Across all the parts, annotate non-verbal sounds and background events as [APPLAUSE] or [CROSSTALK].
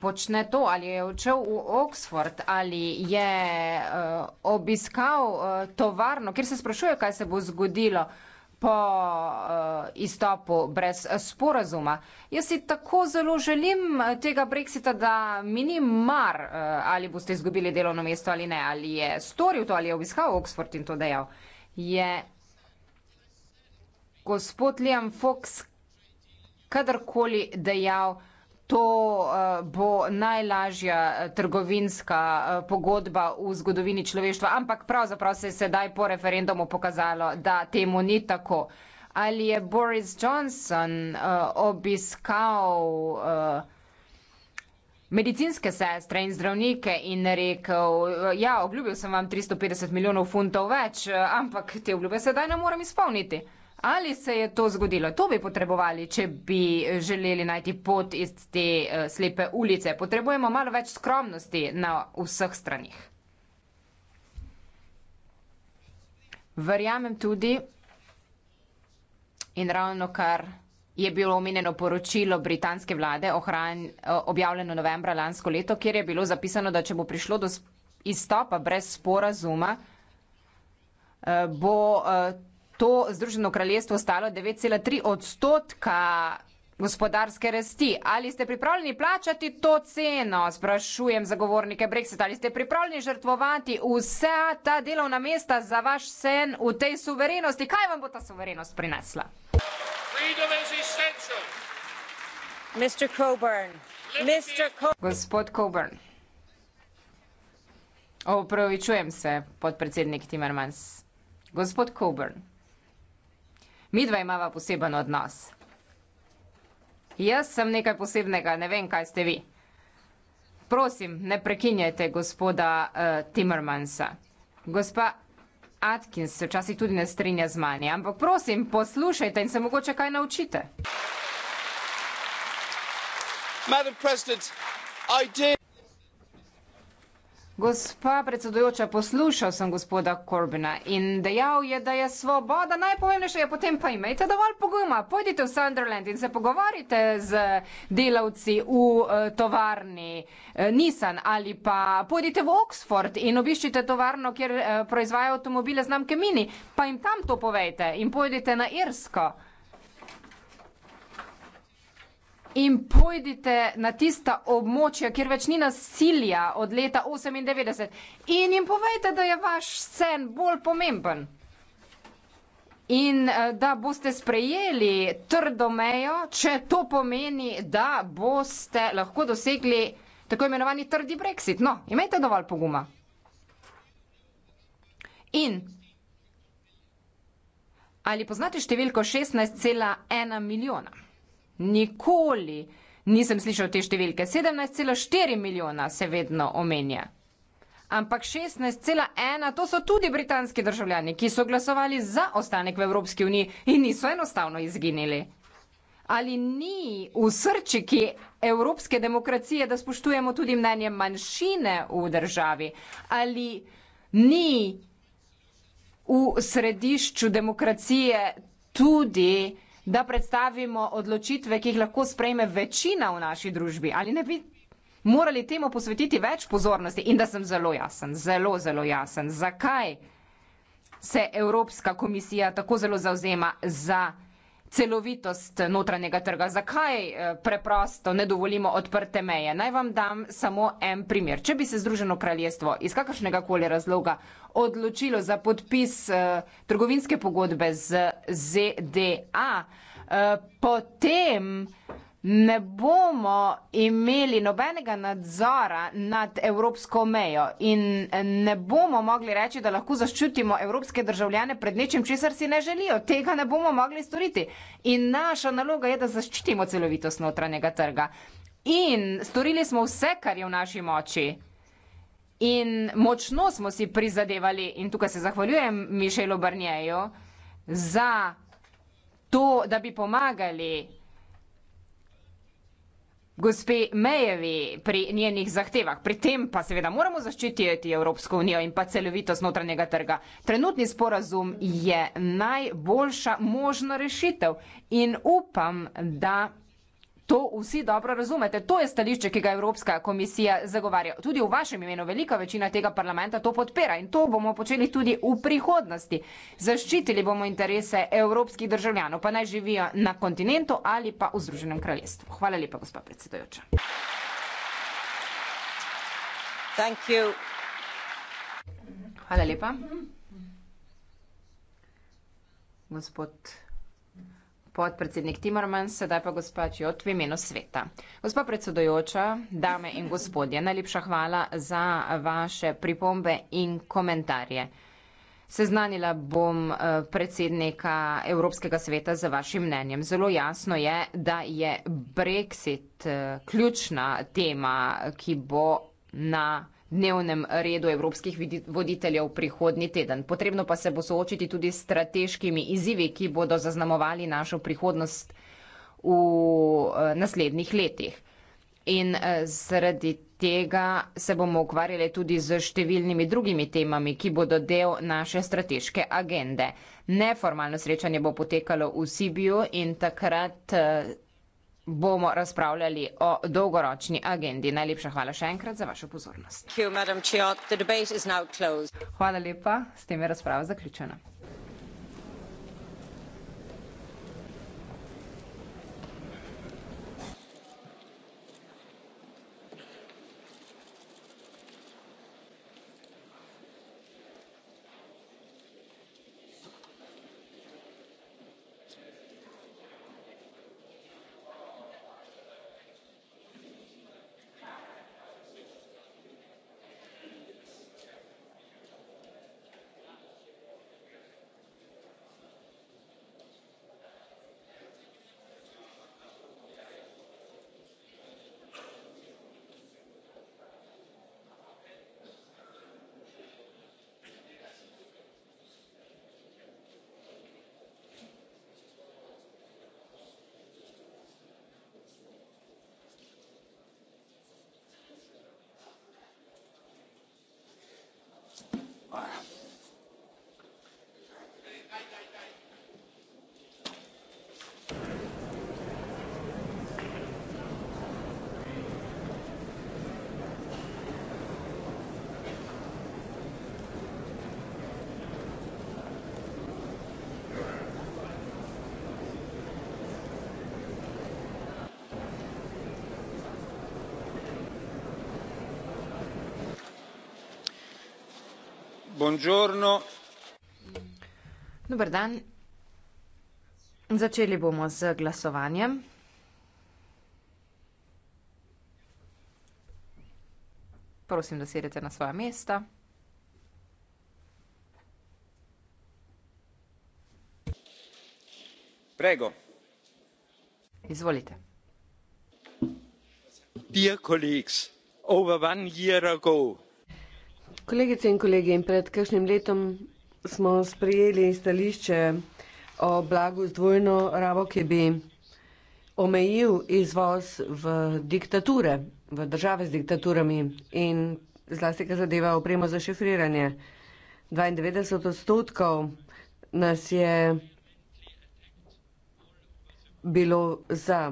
počne to, ali je odšel v Oxford, ali je uh, obiskal uh, tovarno, ker se sprašuje, kaj se bo zgodilo po uh, izstopu brez sporazuma. Jaz si tako zelo želim tega brexita, da mi ni mar, uh, ali boste izgubili delovno mesto ali ne, ali je storil to, ali je obiskal Oxford in to dejal. Je gospod Liam Fox kadarkoli dejal, to eh, bo najlažja eh, trgovinska eh, pogodba v zgodovini človeštva, ampak pravzaprav se je sedaj po referendumu pokazalo, da temu ni tako. Ali je Boris Johnson obiskal medicinske sestre in zdravnike in rekel, ja, obljubil sem vam 350 milijonov funtov več, ampak te obljube sedaj ne morem izpolniti. Ali se je to zgodilo? To bi potrebovali, če bi želeli najti pot iz te uh, slepe ulice. Potrebujemo malo več skromnosti na vseh stranih. Verjamem tudi in ravno kar je bilo omenjeno poročilo britanske vlade, ohran, eh, objavljeno novembra lansko leto, kjer je bilo zapisano, da če bo prišlo do izstopa brez sporazuma, eh, bo to Združeno kraljestvo stalo 9,3 odstotka gospodarske rasti. Ali ste pripravljeni plačati to ceno, sprašujem zagovornike Brexita, ali ste pripravljeni žrtvovati vsa ta delovna mesta za vaš sen v tej suverenosti? Kaj vam bo ta suverenost prinesla? Mr. Coburn. Mr. Coburn. Gospod Coburn. Opravičujem se, podpredsednik Timmermans. Gospod Coburn midva imava poseben odnos. Jaz sem nekaj posebnega, ne vem, kaj ste vi. Prosim, ne prekinjajte gospoda uh, Timmermansa. Gospa Atkins se včasih tudi ne strinja z mani, ampak prosim, poslušajte in se mogoče kaj naučite. Madam President, I did. Gospa predsedujoča, poslušal sem gospoda Corbina in dejal je, da je svoboda najpomembnejša, je ja, potem pa imejte dovolj poguma, pojdite v Sunderland in se pogovarjajte z delavci v uh, tovarni uh, Nissan ali pa pojdite v Oxford in obiščite tovarno, kjer uh, eh, proizvajajo avtomobile znamke Mini, pa jim tam to povejte in pojdite na Irsko in pojdite na tista območja, kjer več ni nasilja od leta 98 in jim povejte, da je vaš sen bolj pomemben. In eh, da boste sprejeli trdo mejo, če to pomeni, da boste lahko dosegli tako imenovani trdi brexit. No, imejte dovolj poguma. In ali poznate številko 16,1 milijona? nikoli nisem slišal te številke. 17,4 milijona se vedno omenja. Ampak 16,1 to so tudi britanski državljani, ki so glasovali za ostanek v Evropski uniji in niso enostavno izginili. Ali ni v srčiki evropske demokracije, da spoštujemo tudi mnenje manjšine v državi? Ali ni v središču demokracije tudi da predstavimo odločitve, ki jih lahko sprejme večina v naši družbi. Ali ne bi morali temu posvetiti več pozornosti in da sem zelo jasen, zelo, zelo jasen, zakaj se Evropska komisija tako zelo zauzema za celovitost notranjega trga. Zakaj eh, preprosto ne dovolimo odprte meje? Naj vam dam samo en primer. Če bi se Združeno kraljestvo iz kakršnega koli razloga odločilo za podpis eh, trgovinske pogodbe z ZDA, eh, potem ne bomo imeli nobenega nadzora nad evropsko mejo in eh, ne bomo mogli reči, da lahko zaščutimo evropske državljane pred nečem, česar si ne želijo. Tega ne bomo mogli storiti. In naša naloga je, da zaščitimo celovitost notranjega trga. In storili smo vse, kar je v naši moči. In močno smo si prizadevali, in tukaj se zahvaljujem Mišelu Barnjeju, za to, da bi pomagali Gospe Mejevi pri njenih zahtevah, pri tem pa seveda moramo zaščititi Evropsko unijo in pa celovitost notranjega trga. Trenutni sporazum je najboljša možna rešitev in upam, da To vsi dobro razumete. To je stališče, ki ga Evropska komisija zagovarja. Tudi v vašem imenu velika večina tega parlamenta to podpira in to bomo počeli tudi v prihodnosti. Zaščitili bomo interese evropskih državljanov, pa naj živijo na kontinentu ali pa v Združenem kraljestvu. Hvala lepa, gospa predsedojoča. Hvala lepa. Gospod podpredsednik Timorman, sedaj pa gospa Čjot v imenu sveta. Gospa predsedojoča, dame in gospodje, najlepša hvala za vaše pripombe in komentarje. Seznanila bom eh, predsednika Evropskega sveta za vašim mnenjem. Zelo jasno je, da je Brexit eh, ključna tema, ki bo na dnevnem redu evropskih voditeljev prihodni teden. Potrebno pa se bo soočiti tudi s strateškimi izzivi, ki bodo zaznamovali našo prihodnost v eh, naslednjih letih. In eh, zaradi tega se bomo ukvarjali tudi z številnimi drugimi temami, ki bodo del naše strateške agende. Neformalno srečanje bo potekalo v Sibiju in takrat eh, bomo razpravljali o dolgoročni agendi. Najlepša hvala še enkrat za vašo pozornost. Hvala lepa, s tem je razprava zaključena. Dober dan. Začeli bomo z glasovanjem. Prosim, da sedete na svoja mesta. Prego. Izvolite. Dear colleagues, over one year ago, Kolegice in kolegi, pred kakšnim letom smo sprejeli stališče o blagu z dvojno ravo, ki bi omejil izvoz v diktature, v države z diktaturami in zlasti, kar zadeva opremo za šifriranje. 92 odstotkov nas je bilo za.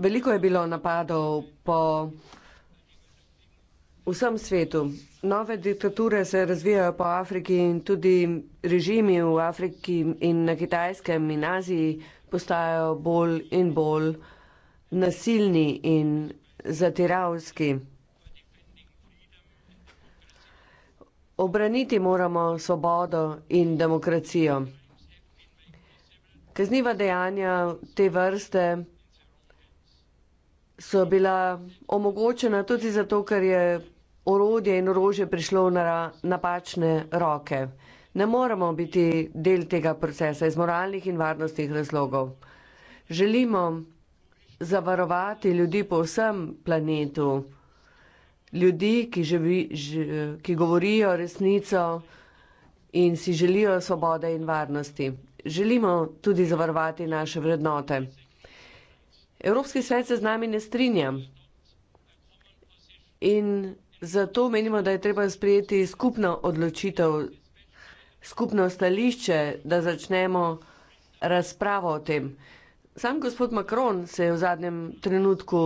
Veliko je bilo napadov po V vsem svetu. Nove diktature se razvijajo po Afriki in tudi režimi v Afriki in na Kitajskem in Aziji postajajo bolj in bolj nasilni in zatiravski. Obraniti moramo svobodo in demokracijo. Kazniva dejanja te vrste so bila omogočena tudi zato, ker je orodje in orožje prišlo na napačne roke. Ne moramo biti del tega procesa iz moralnih in varnostnih razlogov. Želimo zavarovati ljudi po vsem planetu, ljudi, ki, živi, ki govorijo resnico in si želijo svobode in varnosti. Želimo tudi zavarovati naše vrednote. Evropski svet se z nami ne strinja in zato menimo, da je treba sprejeti skupno odločitev, skupno stališče, da začnemo razpravo o tem. Sam gospod Macron se je v zadnjem trenutku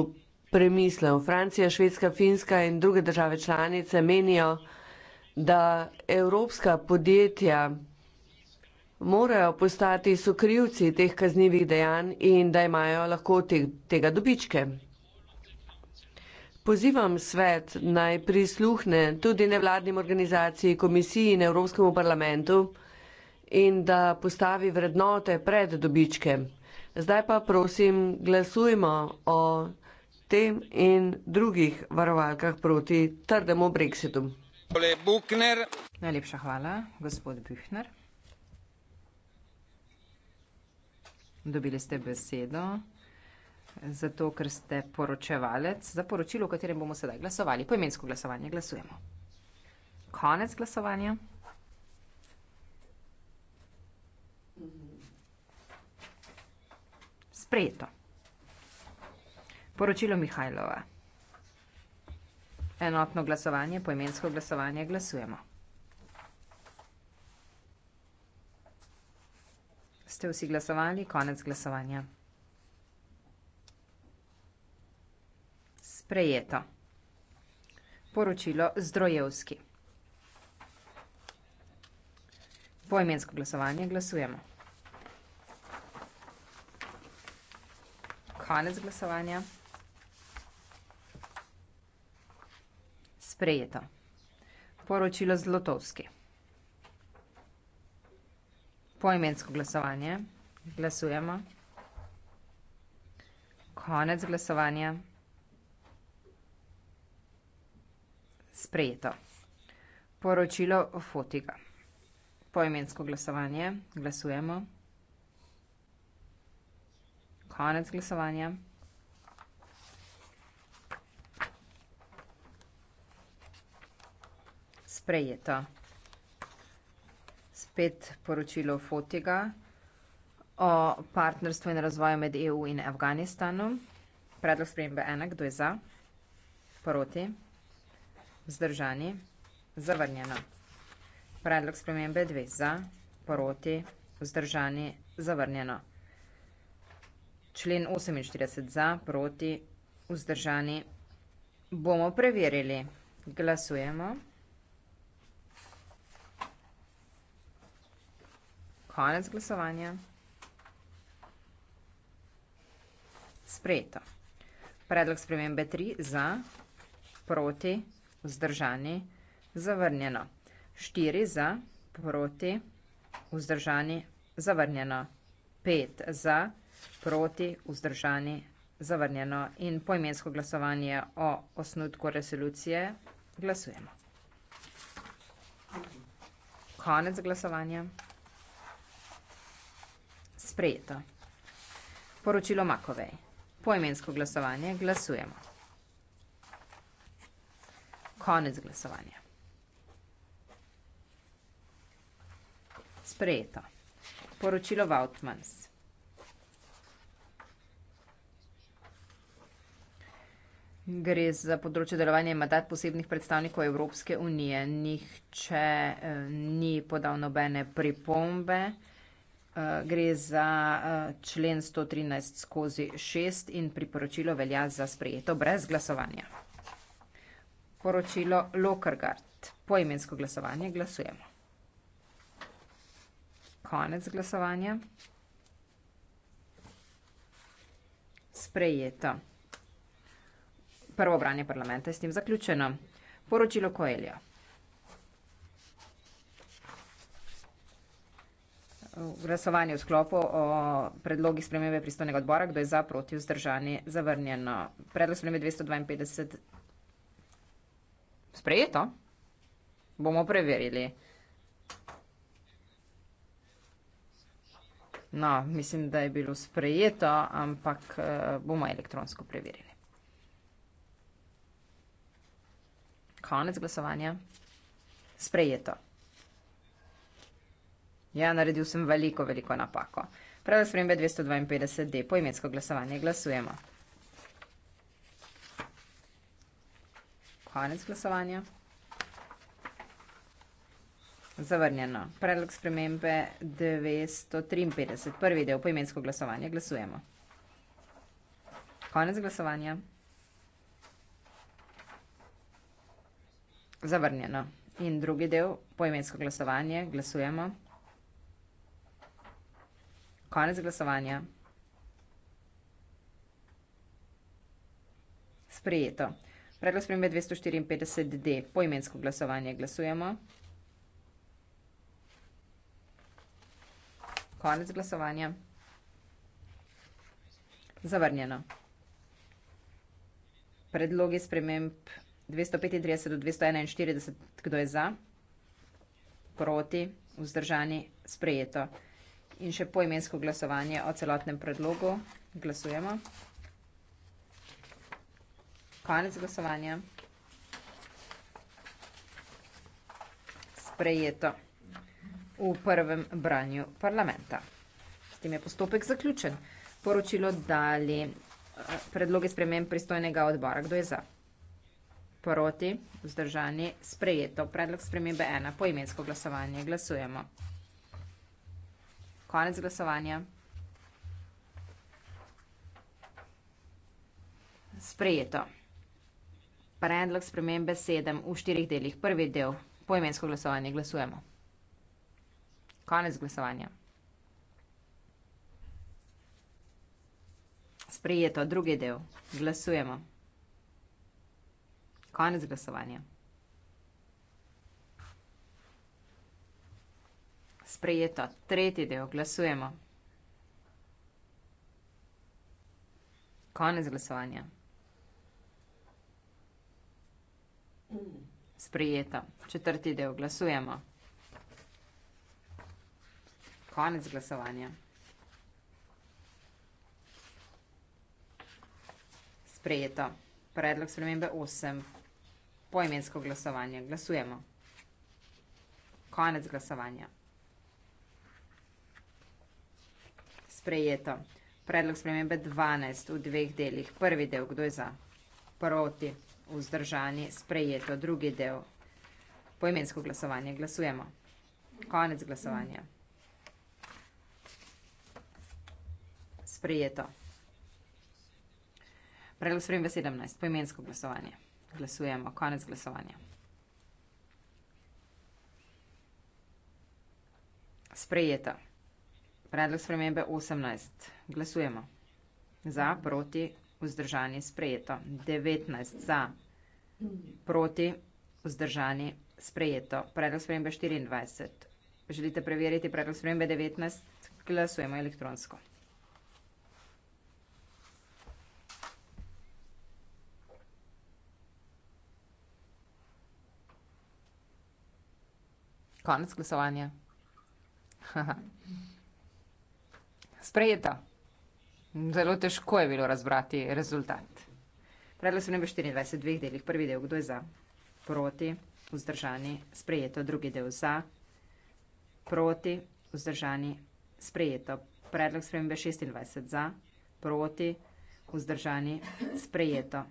premislil. Francija, Švedska, Finska in druge države članice menijo, da evropska podjetja morajo postati sokrivci teh kaznjivih dejanj in da imajo lahko te, tega dobičke. Pozivam svet naj prisluhne tudi nevladnim organizacijam, komisiji in Evropskemu parlamentu in da postavi vrednote pred dobičke. Zdaj pa prosim, glasujmo o tem in drugih varovalkah proti trdemu brexitu. Najlepša hvala, gospod Bühner. Dobili ste besedo, zato ker ste poročevalec za poročilo, o katerem bomo sedaj glasovali. Poimensko glasovanje glasujemo. Konec glasovanja. Sprejeto. Poročilo Mihajlova. Enotno glasovanje, poimensko glasovanje glasujemo. Ste vsi glasovali? Konec glasovanja. Sprejeto. Poročilo Zdrojevski. Poimensko glasovanje glasujemo. Konec glasovanja. Sprejeto. Poročilo Zlotovski poimensko glasovanje. Glasujemo. Konec glasovanja. Sprejeto. Poročilo Fotiga. Poimensko glasovanje. Glasujemo. Konec glasovanja. Sprejeto spet poročilo Fotiga o partnerstvu in razvoju med EU in Afganistanom. Predlog spremembe ena, kdo je za? Proti? Zdržani? Zavrnjeno. Predlog spremembe dve za? Proti? Zdržani? Zavrnjeno. Člen 48 za, proti, vzdržani. Bomo preverili. Glasujemo. Konec glasovanja. Sprejeto. Predlog spremembe 3 za, proti, vzdržani, zavrnjeno. 4 za, proti, vzdržani, zavrnjeno. 5 za, proti, vzdržani, zavrnjeno. In poimensko glasovanje o osnutku resolucije glasujemo. Konec glasovanja. Sprejeto. Poročilo Makovej. Poimensko glasovanje. Glasujemo. Konec glasovanja. Sprejeto. Poročilo Vautmans. Gre za področje delovanja in mandat posebnih predstavnikov Evropske unije. Nihče eh, ni podal nobene pripombe. Eh, gre za eh, člen 113 skozi 6 in priporočilo velja za sprejeto brez glasovanja. Poročilo Lokergard. Poimensko glasovanje glasujemo. Konec glasovanja. Sprejeto. Prvo branje parlamenta je s tem zaključeno. Poročilo Koeljo. Glasovanje v sklopu o predlogi spremembe pristojnega odbora, kdo je za, proti, vzdržani, zavrnjeno. Predlog spremembe 252. Sprejeto? Bomo preverili. No, mislim, da je bilo sprejeto, ampak eh, bomo elektronsko preverili. Konec glasovanja. Sprejeto. Ja, naredil sem veliko, veliko napako. Prav za spremembe 252D po imensko glasovanje glasujemo. Konec glasovanja. Zavrnjeno. Predlog spremembe 953, prvi del po imensko glasovanje glasujemo. Konec glasovanja. Zavrnjeno. In drugi del po imensko glasovanje glasujemo. Konec glasovanja. Sprejeto. Predlog spremembe 254D. Poimensko glasovanje glasujemo. Konec glasovanja. Zavrnjeno. Predlogi sprememb 235 do 241. Kdo je za? Proti? Vzdržani? Sprejeto in še poimensko glasovanje o celotnem predlogu. Glasujemo. Konec glasovanja. Sprejeto v prvem branju parlamenta. S tem je postopek zaključen. Poročilo dali eh, predloge sprememb pristojnega odbora. Kdo je za? Proti, vzdržani, sprejeto. Predlog spremembe ena, poimensko glasovanje. Glasujemo. Konec glasovanja. Sprejeto. Predlog spremembe sedem v štirih delih. Prvi del. Poimensko glasovanje glasujemo. Konec glasovanja. Sprejeto. Drugi del. Glasujemo. Konec glasovanja. sprejeto. Tretji del glasujemo. Konec glasovanja. Sprejeto. Četrti del glasujemo. Konec glasovanja. Sprejeto. Predlog spremembe 8. Poimensko glasovanje. Glasujemo. Konec glasovanja. sprejeto. Predlog spremembe 12 v dveh delih. Prvi del, kdo je za? Proti, vzdržani, sprejeto. Drugi del, poimensko glasovanje. Glasujemo. Konec glasovanja. Sprejeto. Predlog spremembe 17, poimensko glasovanje. Glasujemo. Konec glasovanja. Sprejeto. Predlog spremembe 18. Glasujemo. Za, proti, vzdržani, sprejeto. 19. Za, proti, vzdržani, sprejeto. Predlog spremembe 24. Želite preveriti predlog spremembe 19? Glasujemo elektronsko. Konec glasovanja. Haha. [LAUGHS] sprejeta. Zelo težko je bilo razbrati rezultat. Predlog sem imel 24 dveh delih. Prvi del, kdo je za, proti, vzdržani, sprejeto. Drugi del za, proti, vzdržani, sprejeto. Predlog sem imel 26 za, proti, vzdržani, sprejeto.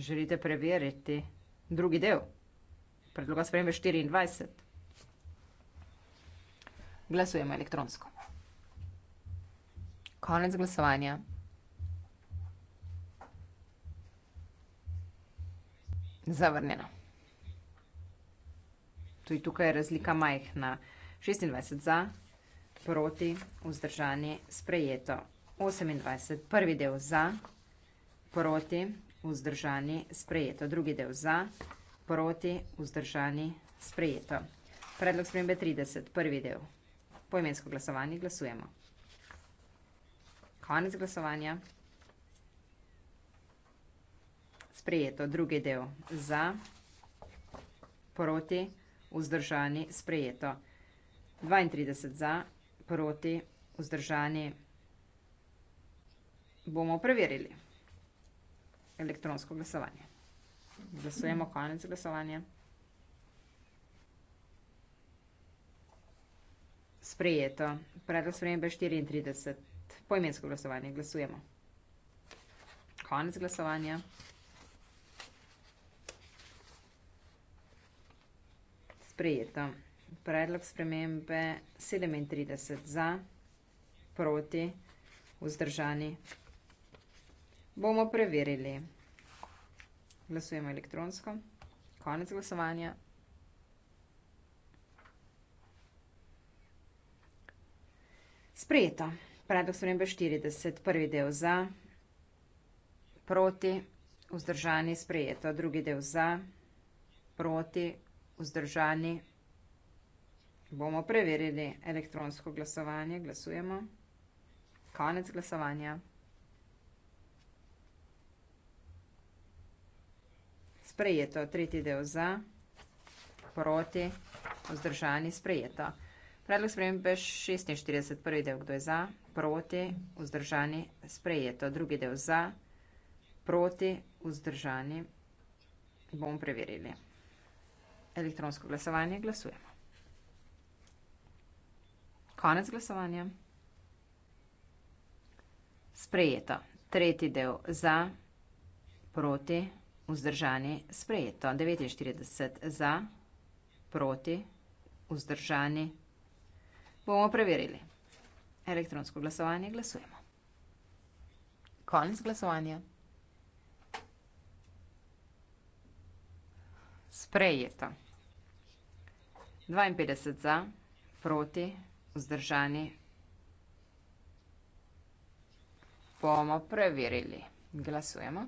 Želite preveriti drugi del? Predloga sprejme 24 glasujemo elektronsko. Konec glasovanja. Zavrnjeno. Tudi tukaj je razlika majhna. 26 za, proti, vzdržanje, sprejeto. 28, prvi del za, proti, vzdržanje, sprejeto. Drugi del za, proti, vzdržanje, sprejeto. Predlog spremembe 30, prvi del poimensko glasovanje glasujemo. Konec glasovanja. Sprejeto, drugi del za, proti, vzdržani, sprejeto. 32 za, proti, vzdržani. Bomo preverili elektronsko glasovanje. Glasujemo konec glasovanja. sprejeto. Predlog spremembe 34. Poimensko glasovanje. Glasujemo. Konec glasovanja. Sprejeto. Predlog spremembe 37 za, proti, vzdržani. Bomo preverili. Glasujemo elektronsko. Konec glasovanja. Sprejeto. Predlog spremembe 40, prvi del za, proti, vzdržani, sprejeto. Drugi del za, proti, vzdržani. Bomo preverili elektronsko glasovanje. Glasujemo. Konec glasovanja. Sprejeto. Tretji del za, proti, vzdržani, sprejeto. Predlog spremembe je 46. Prvi del, kdo je za, proti, vzdržani, sprejeto. Drugi del za, proti, vzdržani. Bomo preverili. Elektronsko glasovanje glasujemo. Konec glasovanja. Sprejeto. Tretji del za, proti, vzdržani, sprejeto. 49 za, proti, vzdržani, sprejeto. Bomo preverili. Elektronsko glasovanje glasujemo. Konec glasovanja. Sprejeto. 52 za, proti, vzdržani. Bomo preverili. Glasujemo.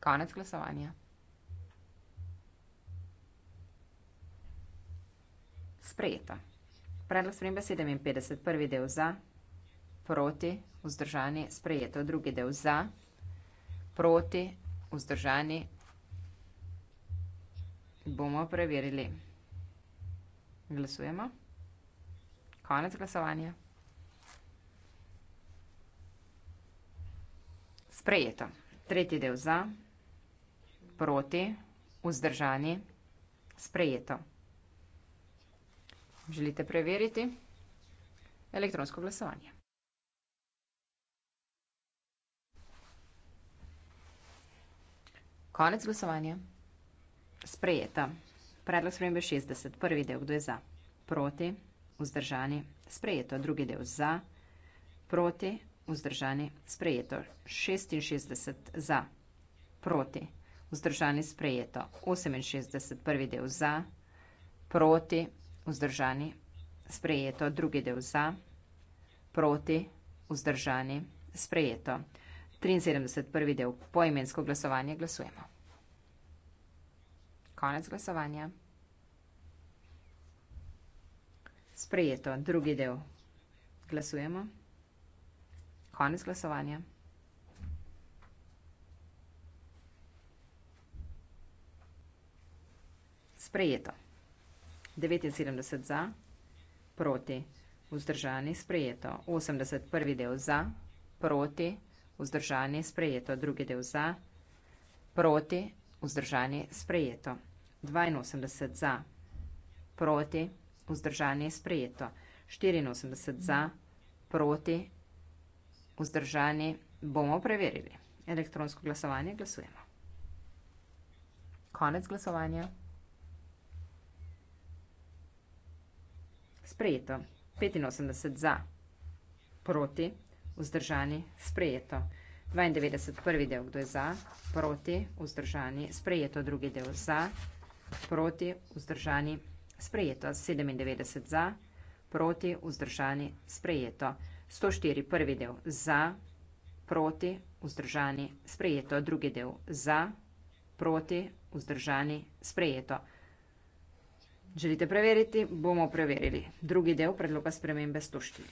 Konec glasovanja. sprejeta. Predlog spremembe 57, prvi del za, proti, vzdržani, sprejeto, drugi del za, proti, vzdržani, bomo preverili. Glasujemo. Konec glasovanja. Sprejeto. Tretji del za, proti, vzdržani, sprejeto. Želite preveriti? Elektronsko glasovanje. Konec glasovanja. Sprejeta. Predlog spremembe 60. Prvi del, kdo je za? Proti, vzdržani, sprejeto. Drugi del za, proti, vzdržani, sprejeto. 66 za, proti, vzdržani, sprejeto. 68, prvi del za, proti, vzdržani, sprejeto, drugi del za, proti, vzdržani, sprejeto. 73. prvi del poimensko glasovanje glasujemo. Konec glasovanja. Sprejeto, drugi del glasujemo. Konec glasovanja. Sprejeto. 79 za, proti, vzdržani, sprejeto. 81 del za, proti, vzdržani, sprejeto. Drugi del za, proti, vzdržani, sprejeto. 82 za, proti, vzdržani, sprejeto. 84 za, proti, vzdržani, bomo preverili. Elektronsko glasovanje glasujemo. Konec glasovanja. sprejeto. 85 za, proti, vzdržani, sprejeto. 92 prvi del, kdo je za, proti, vzdržani, sprejeto. Drugi del za, proti, vzdržani, sprejeto. 97 za, proti, vzdržani, sprejeto. 104 prvi del za, proti, vzdržani, sprejeto. Drugi del za, proti, vzdržani, sprejeto. Želite preveriti? Bomo preverili. Drugi del predloga spremembe 104.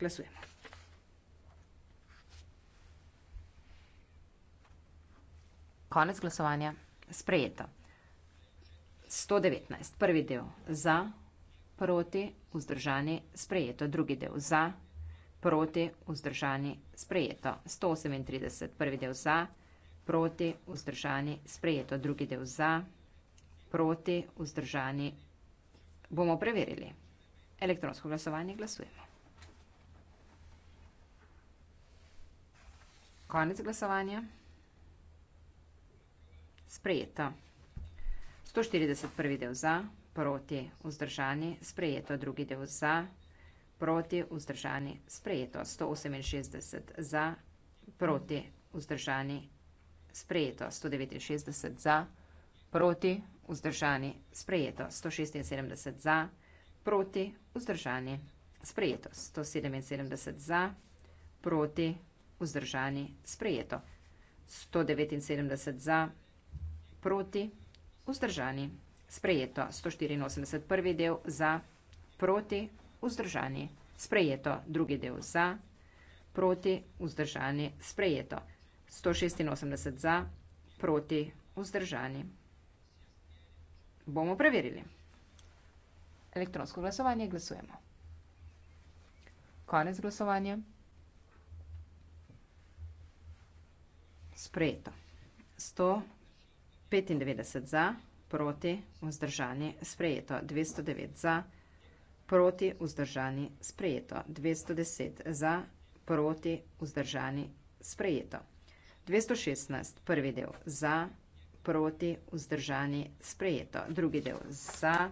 Glasujemo. Konec glasovanja. Sprejeto. 119. Prvi del. Za, proti, vzdržani, sprejeto. Drugi del. Za, proti, vzdržani, sprejeto. 138. Prvi del. Za, proti, vzdržani, sprejeto. Drugi del. Za, proti, vzdržani, sprejeto proti, vzdržani. Bomo preverili. Elektronsko glasovanje glasujemo. Konec glasovanja. Sprejeto. 140 prvi del za, proti, vzdržani, sprejeto drugi del za, proti, vzdržani, sprejeto 168 za, proti, vzdržani, sprejeto 169 za, proti, vzdržani, sprejeto 176 za, proti, vzdržani, sprejeto 177 za, proti, vzdržani, sprejeto 179 za, proti, vzdržani, sprejeto 184 prvi del za, proti, vzdržani, sprejeto drugi del za, proti, vzdržani, sprejeto 186 za, proti, vzdržani. Bomo preverili. Elektronsko glasovanje, glasujemo. Konec glasovanja. Sprejeto. 195 za, proti, vzdržani, sprejeto. 209 za, proti, vzdržani, sprejeto. 210 za, proti, vzdržani, sprejeto. 216, prvi del, za, sprejeto proti, vzdržani, sprejeto. Drugi del za,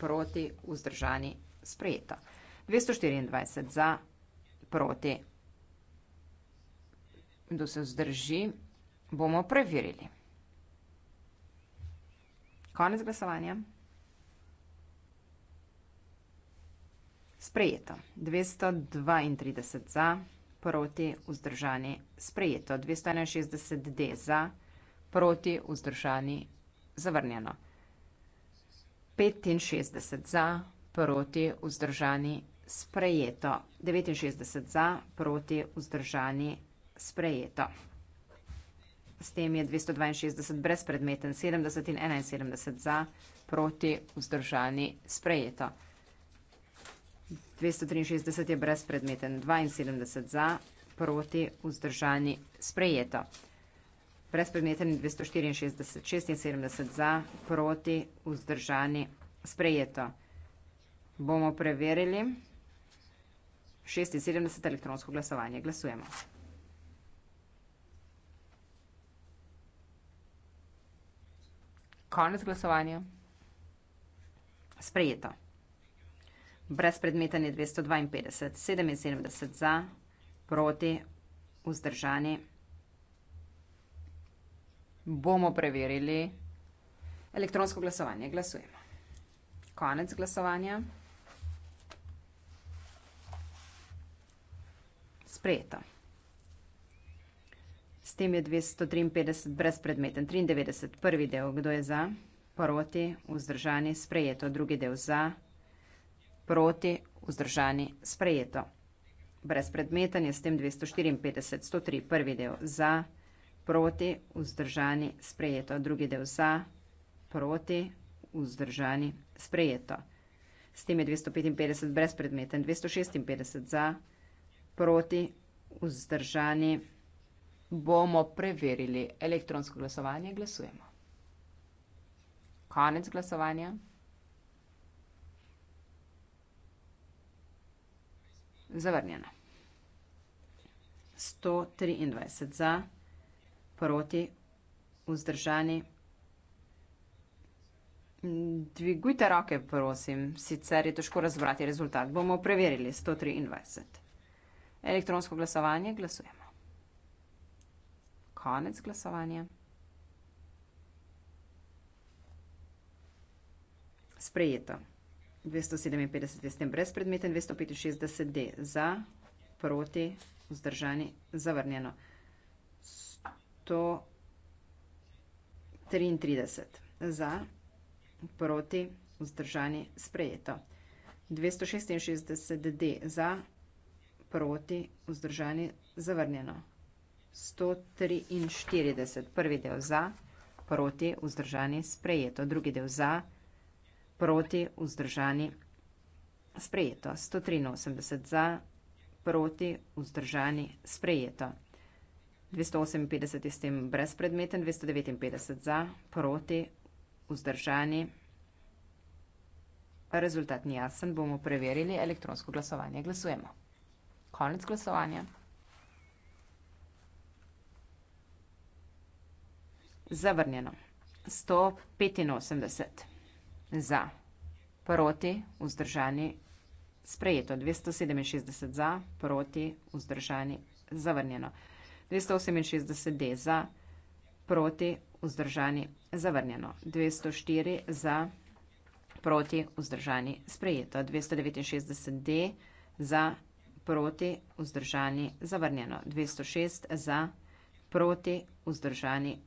proti, vzdržani, sprejeto. 224 za, proti. Kdo se vzdrži, bomo preverili. Konec glasovanja. Sprejeto. 232 za, proti, vzdržani, sprejeto. 261 d za, proti proti, vzdržani, zavrnjeno. 65 za, proti, vzdržani, sprejeto. 69 za, proti, vzdržani, sprejeto. S tem je 262 brezpredmeten, 70 in 71 za, proti, vzdržani, sprejeto. 263 je brezpredmeten, 72 za, proti, vzdržani, sprejeto brezpredmeten 264, 76 za, proti, vzdržani, sprejeto. Bomo preverili 76 elektronsko glasovanje. Glasujemo. Konec glasovanja. Sprejeto. Brezpredmeten je 252, 77 za, proti, vzdržani, sprejeto. Bomo preverili. Elektronsko glasovanje. Glasujemo. Konec glasovanja. Sprejeto. S tem je 253 brezpredmeten. 93. Prvi del. Kdo je za? Proti. Vzdržani. Sprejeto. Drugi del za. Proti. Vzdržani. Sprejeto. Brezpredmeten je s tem 254. 103. Prvi del za. Proti proti, vzdržani, sprejeto. Drugi del za, proti, vzdržani, sprejeto. S tem je 255 brezpredmeten, 256 za, proti, vzdržani. Bomo preverili elektronsko glasovanje. Glasujemo. Konec glasovanja. Zavrnjeno. 123 za proti, vzdržani. Dvigujte roke, prosim, sicer je težko razbrati rezultat. Bomo preverili 123. Elektronsko glasovanje, glasujemo. Konec glasovanja. Sprejeto. 257 je s tem brez predmeten, 265 je za, proti, vzdržani, zavrnjeno to 33 za, proti, vzdržani, sprejeto. 266 D za, proti, vzdržani, zavrnjeno. 143, prvi del za, proti, vzdržani, sprejeto. Drugi del za, proti, vzdržani, sprejeto. 183 za, proti, vzdržani, sprejeto. 258 je s tem brezpredmeten, 259 za, proti, vzdržani. Rezultat ni jasen, bomo preverili elektronsko glasovanje. Glasujemo. Konec glasovanja. Zavrnjeno. 185 za, proti, vzdržani, sprejeto. 267 za, proti, vzdržani, zavrnjeno. 268 de za, proti, vzdržani, zavrnjeno. 204 za, proti, vzdržani, sprejeto. 269 de za, proti, vzdržani, zavrnjeno. 206 za, proti, vzdržani,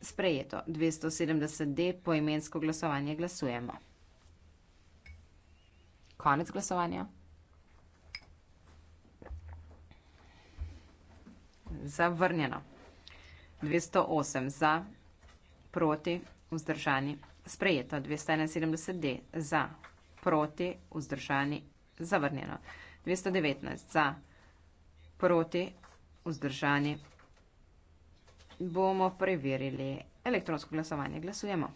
sprejeto. 270 de poimensko glasovanje glasujemo. Konec glasovanja. zavrnjeno. 208 za, proti, vzdržani, sprejeto. 271D za, proti, vzdržani, zavrnjeno. 219 za, proti, vzdržani. Bomo preverili elektronsko glasovanje. Glasujemo.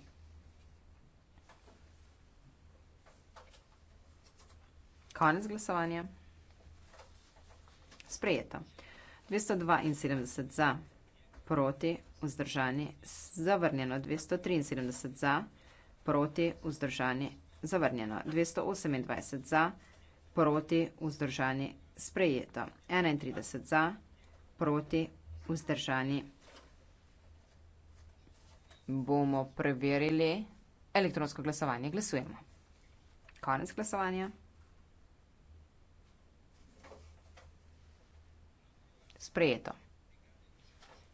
Konec glasovanja. Sprejeto. 272 za, proti, vzdržani, zavrnjeno 273 za, proti, vzdržani, zavrnjeno 228 za, proti, vzdržani, sprejeto 31 za, proti, vzdržani. Bomo preverili elektronsko glasovanje. Glasujemo. Konec glasovanja. Sprejeto.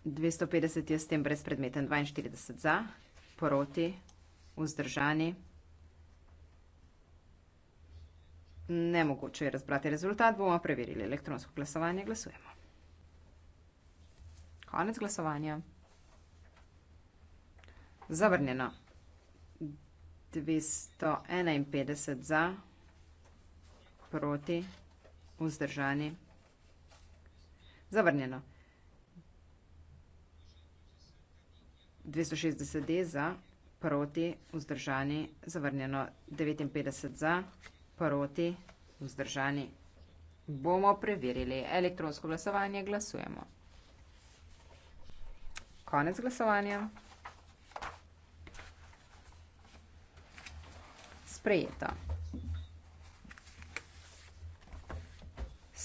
250 je s tem brezpredmeten, 42 za, proti, vzdržani. Nemogoče je razbrati rezultat, bomo preverili elektronsko glasovanje, glasujemo. Konec glasovanja. Zavrnjeno. 251 za, proti, vzdržani. Zavrnjeno. 260D za, proti, vzdržani, zavrnjeno. 59 za, proti, vzdržani. Bomo preverili elektronsko glasovanje, glasujemo. Konec glasovanja. Sprejeto.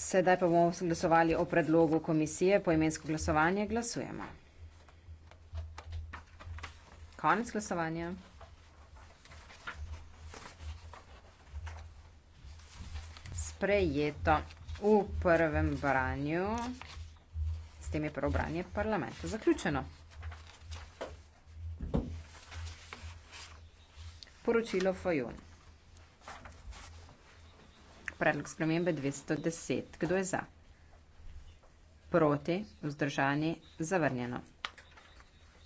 Sedaj pa bomo glasovali o predlogu komisije. Poimensko glasovanje glasujemo. Konec glasovanja. Sprejeto v prvem branju. S tem je prvo branje parlamenta zaključeno. Poročilo Fajon predlog spremembe 210. Kdo je za? Proti, vzdržani, zavrnjeno.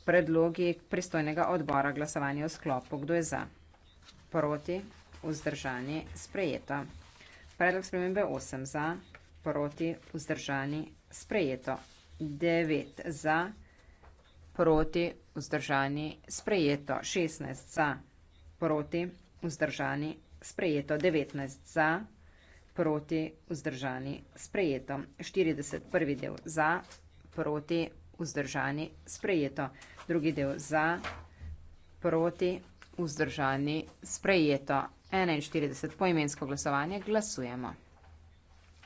Predlogi pristojnega odbora glasovanja v sklopu. Kdo je za? Proti, vzdržani, sprejeto. Predlog spremembe 8 za, proti, vzdržani, sprejeto. 9 za, proti, vzdržani, sprejeto. 16 za, proti, vzdržani, sprejeto. 19 za, proti, vzdržani, sprejeto. 40. Prvi del za, proti, vzdržani, sprejeto. Drugi del za, proti, vzdržani, sprejeto. 41. Poimensko glasovanje glasujemo.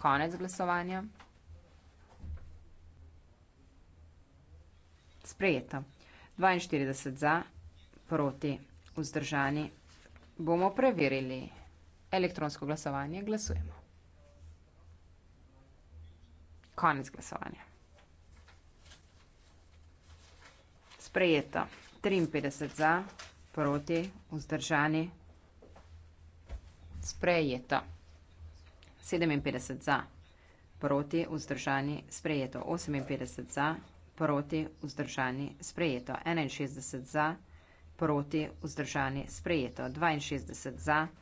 Konec glasovanja. Sprejeto. 42 za, proti, vzdržani. Bomo preverili elektronsko glasovanje glasujemo. Konec glasovanja. Sprejeto. 53 za, proti, vzdržani. Sprejeto. 57 za, proti, vzdržani. Sprejeto. 58 za, proti, vzdržani. Sprejeto. 61 za, proti, vzdržani. Sprejeto. 62 za, proti, vzdržani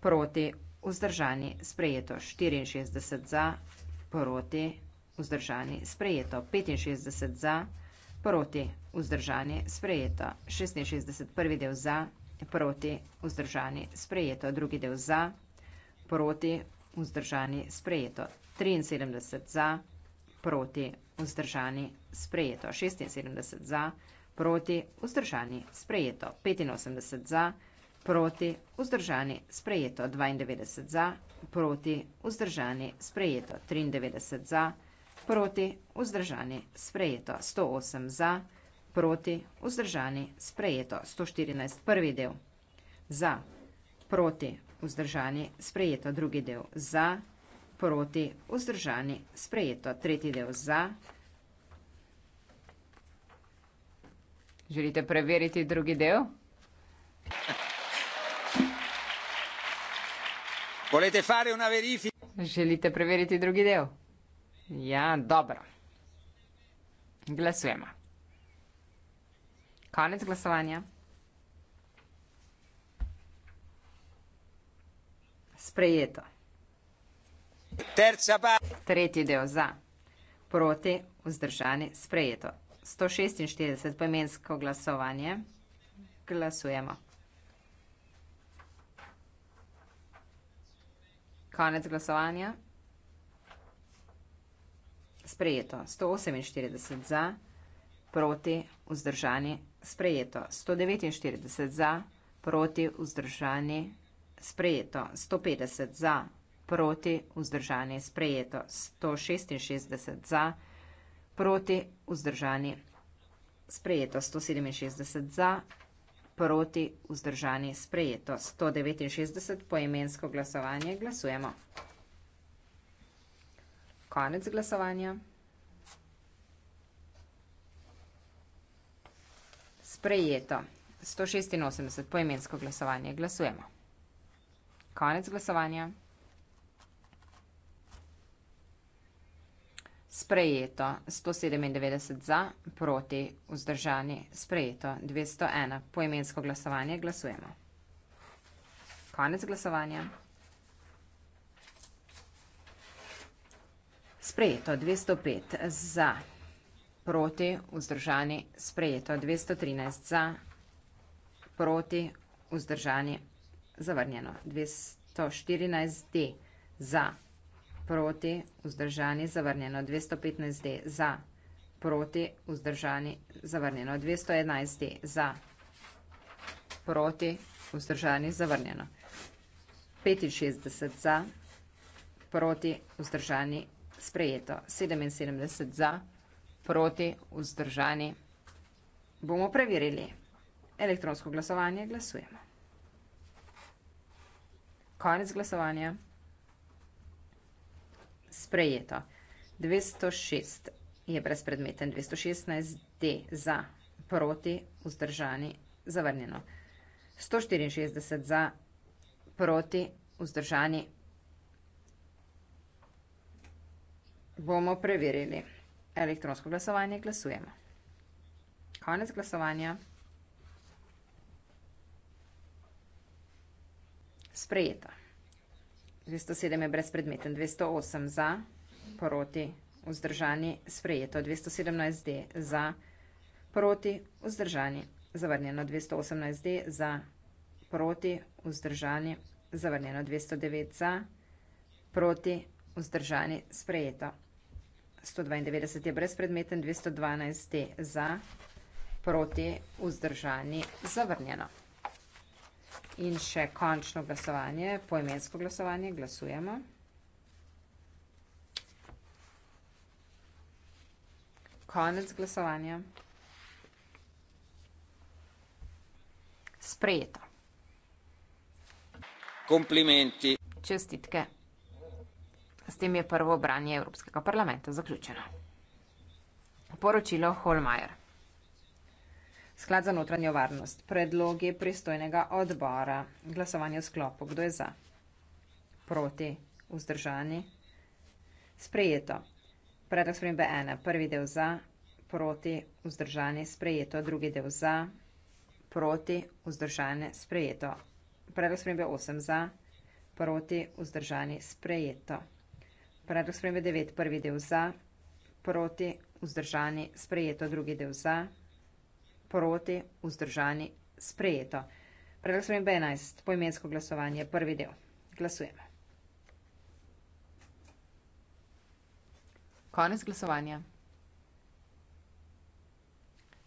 proti, vzdržani, sprejeto 64 za, proti, vzdržani, sprejeto 65 za, proti, vzdržani, sprejeto 66 prvi del za, proti, vzdržani, sprejeto drugi del za, proti, vzdržani, sprejeto 73 za, proti, vzdržani, sprejeto 76 za, proti, vzdržani, sprejeto 85 za, proti, vzdržani, sprejeto 85 za, proti, vzdržani, sprejeto 92 za, proti, vzdržani, sprejeto 93 za, proti, vzdržani, sprejeto 108 za, proti, vzdržani, sprejeto 114 prvi del, za, proti, vzdržani, sprejeto drugi del, za, proti, vzdržani, sprejeto tretji del, za. Želite preveriti drugi del? Thank you. Želite preveriti drugi del? Ja, dobro. Glasujemo. Konec glasovanja. Sprejeto. Tretji del za. Proti, vzdržani, sprejeto. 146 pomensko glasovanje. Glasujemo. Konec glasovanja. Sprejeto. 148 za, proti, vzdržani. Sprejeto. 149 za, proti, vzdržani. Sprejeto. 150 za, proti, vzdržani. Sprejeto. 166 za, proti, vzdržani. Sprejeto. 167 za, proti vzdržani sprejeto. 169 poimensko glasovanje glasujemo. Konec glasovanja. Sprejeto. 186 poimensko glasovanje glasujemo. Konec glasovanja. sprejeto 197 za, proti, vzdržani, sprejeto 201. Poimensko glasovanje glasujemo. Konec glasovanja. Sprejeto 205 za, proti, vzdržani, sprejeto 213 za, proti, vzdržani, zavrnjeno 214 d za, proti, vzdržani, zavrnjeno 215D, za, proti, vzdržani, zavrnjeno 211D, za, proti, vzdržani, zavrnjeno 65 za, proti, vzdržani, sprejeto 77 za, proti, vzdržani. Bomo preverili. Elektronsko glasovanje glasujemo. Konec glasovanja sprejeto. 206 je brezpredmeten, 216 D za, proti, vzdržani, zavrnjeno. 164 za, proti, vzdržani, bomo preverili. Elektronsko glasovanje glasujemo. Konec glasovanja. Sprejeta. 207 je brezpredmeten, 208 za, proti, vzdržani, sprejeto, 217 D za, proti, vzdržani, zavrnjeno, 218 D za, proti, vzdržani, zavrnjeno, 209 za, proti, vzdržani, sprejeto. 192 je brezpredmeten, 212 D za, proti, vzdržani, zavrnjeno. In še končno glasovanje, poimensko glasovanje, glasujemo. Konec glasovanja. Sprejeto. Komplimenti. Čestitke. S tem je prvo branje Evropskega parlamenta zaključeno. Poročilo Holmajer. Sklad za notranjo varnost. Predlog je pristojnega odbora. Glasovanje v sklopu. Kdo je za? Proti? Vzdržani? Sprejeto. Predlog spremembe 1. Prvi del za. Proti? Vzdržani? Sprejeto. Drugi del za. Proti? Vzdržani? Sprejeto. Predlog spremembe 8. Za. Proti? Vzdržani? Sprejeto. Predlog spremembe 9. Prvi del za. Proti? Vzdržani? Sprejeto. Drugi del za. Proti, proti, vzdržani, sprejeto. Predlog sprememb 11, poimensko glasovanje, prvi del. Glasujemo. Konec glasovanja.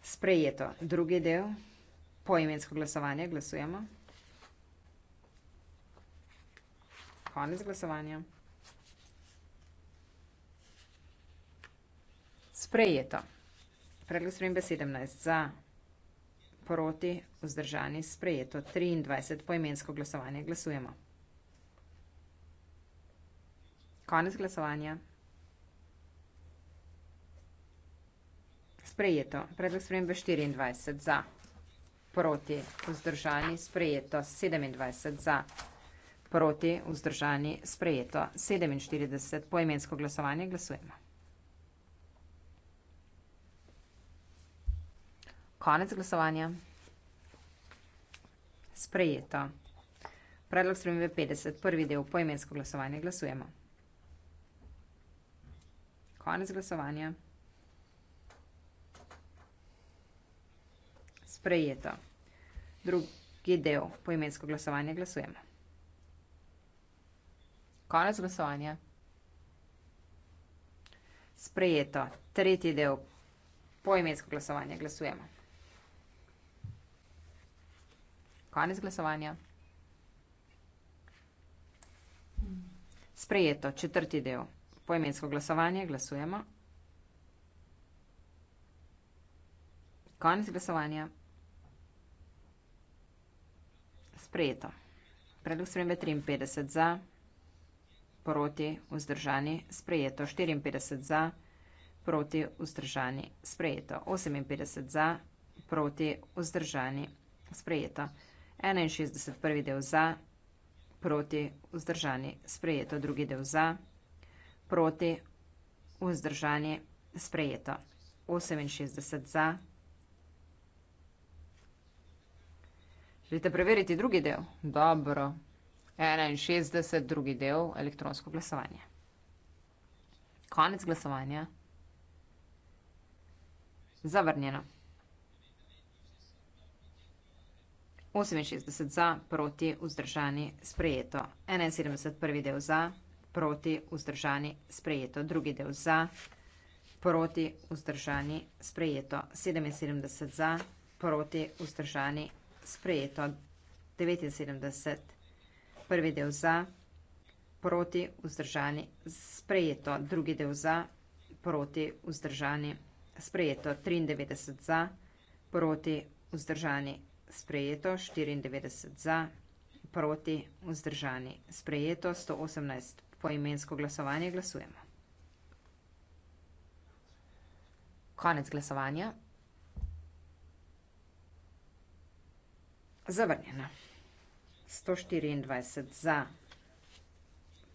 Sprejeto. Drugi del. Poimensko glasovanje. Glasujemo. Konec glasovanja. Sprejeto. Predlog sprememb 17. Za proti, vzdržani, sprejeto 23, poimensko glasovanje. Glasujemo. Konec glasovanja. Sprejeto. Predlog sprejem 24 za, proti, vzdržani, sprejeto 27 za, proti, vzdržani, sprejeto 47, poimensko glasovanje. Glasujemo. Konec glasovanja. Sprejeto. Predlog spremembe 50. Prvi del poimensko glasovanje. Glasujemo. Konec glasovanja. Sprejeto. Drugi del poimensko glasovanje. Glasujemo. Konec glasovanja. Sprejeto. Tretji del poimensko glasovanje. Glasujemo. Konec glasovanja. Sprejeto, četrti del. Poimensko glasovanje, glasujemo. Konec glasovanja. Sprejeto. Predlog spremembe 53 za, proti, vzdržani, sprejeto. 54 za, proti, vzdržani, sprejeto. 58 za, proti, vzdržani, sprejeto. 61 prvi del za, proti vzdržani, sprejeto drugi del za, proti vzdržani, sprejeto 68 za. Želite preveriti drugi del? Dobro. 61 drugi del elektronsko glasovanje. Konec glasovanja. Zavrnjeno. 68 za, proti, vzdržani, sprejeto. 71 prvi del za, proti, vzdržani, sprejeto. Drugi del za, proti, vzdržani, sprejeto. 77 za, proti, vzdržani, sprejeto. 79 prvi del za, proti, vzdržani, sprejeto. Drugi del za, proti, vzdržani, sprejeto. 93 za, proti, vzdržani, sprejeto sprejeto 94 za, proti, vzdržani, sprejeto 118 po imensko glasovanje glasujemo. Konec glasovanja. Zavrnjeno. 124 za,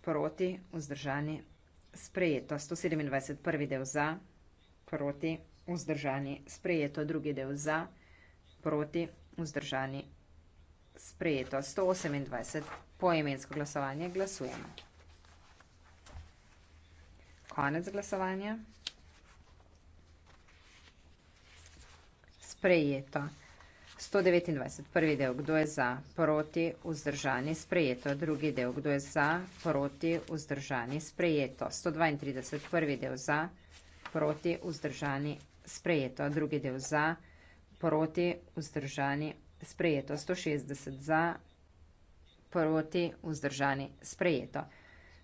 proti, vzdržani, sprejeto. 127 prvi del za, proti, vzdržani, sprejeto drugi del za, proti, vzdržani vzdržani, sprejeto 128, poemensko glasovanje, glasujemo. Konec glasovanja. Sprejeto. 129. Prvi del, kdo je za, proti, vzdržani, sprejeto. Drugi del, kdo je za, proti, vzdržani, sprejeto. 132. Prvi del, za, proti, vzdržani, sprejeto. Drugi del, za, proti, vzdržani, sprejeto proti, vzdržani, sprejeto 160 za, proti, vzdržani, sprejeto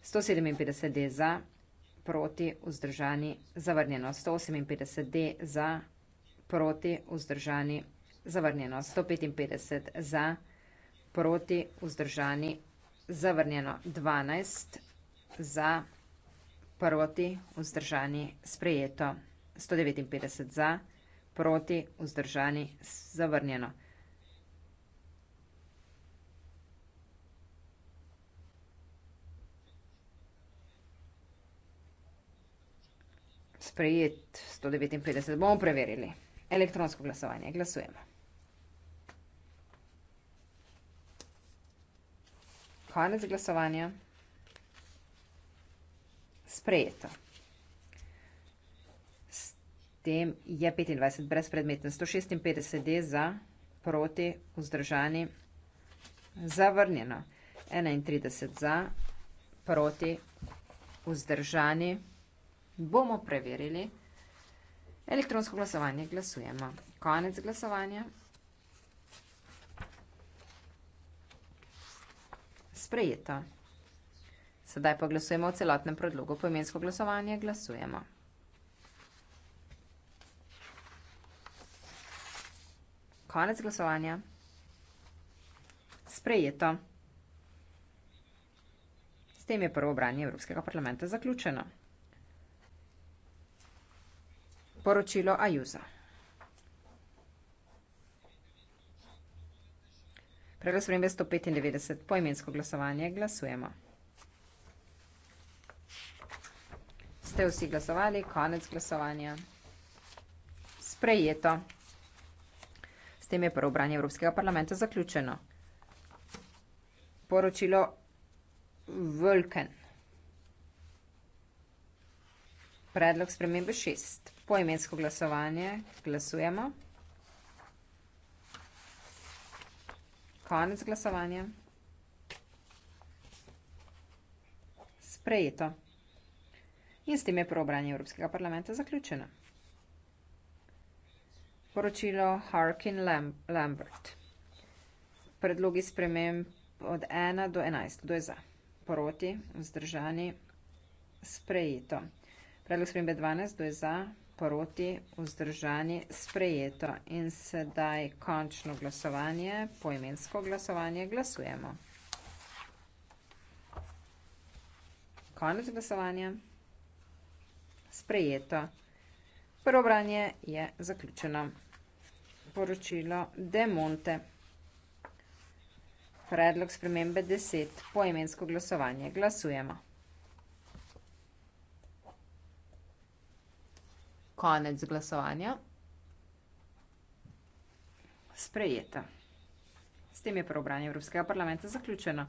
157D za, proti, vzdržani, zavrnjeno 158D za, proti, vzdržani, zavrnjeno 155 za, proti, vzdržani, zavrnjeno 12 za, proti, vzdržani, sprejeto 159 za, proti, vzdržani, zavrnjeno. Sprejet 159 bomo preverili. Elektronsko glasovanje. Glasujemo. Konec glasovanja. Sprejeto potem je 25 brezpredmeten, 156 D za, proti, vzdržani, zavrnjeno, 31 za, proti, vzdržani, bomo preverili, elektronsko glasovanje glasujemo, konec glasovanja, sprejeto. Sedaj pa glasujemo o celotnem predlogu. Poimensko glasovanje glasujemo. konec glasovanja. Sprejeto. S tem je prvo branje Evropskega parlamenta zaključeno. Poročilo Ajuza. Preglas vreme 195, poimensko glasovanje, glasujemo. Ste vsi glasovali, konec glasovanja. Sprejeto. S tem je prvo branje Evropskega parlamenta zaključeno. Poročilo Vulken. Predlog spremembe 6. Poimensko glasovanje. Glasujemo. Konec glasovanja. Sprejeto. In s tem je prvo branje Evropskega parlamenta zaključeno poročilo Harkin Lambert. Predlogi sprememb od 1 do 11. Kdo je za? Proti, vzdržani, sprejeto. Predlog spremembe 12. Kdo je za? Proti, vzdržani, sprejeto. In sedaj končno glasovanje, poimensko glasovanje, glasujemo. Konec glasovanja. Sprejeto. Prvo branje je zaključeno poročilo De Monte. Predlog spremembe 10. Poimensko glasovanje. Glasujemo. Konec glasovanja. Sprejeta. S tem je preobranje Evropskega parlamenta zaključeno.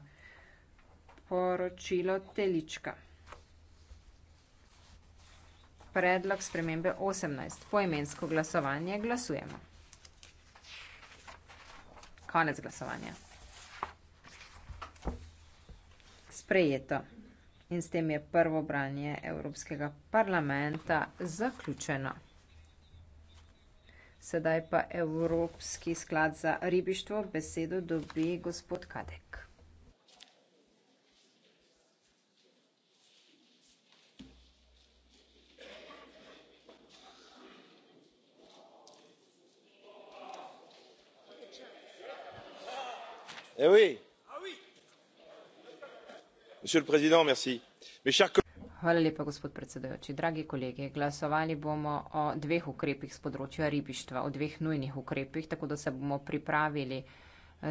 Poročilo Telička. Predlog spremembe 18. Poimensko glasovanje. Glasujemo konec glasovanja. Sprejeto. In s tem je prvo branje Evropskega parlamenta zaključeno. Sedaj pa Evropski sklad za ribištvo besedo dobi gospod Kadek. Eh ah gospod predsedujoči dragi kolegi glasovali bomo o dveh ukrepih s področja ribištva o dveh nujnih ukrepih tako da se bomo pripravili eh,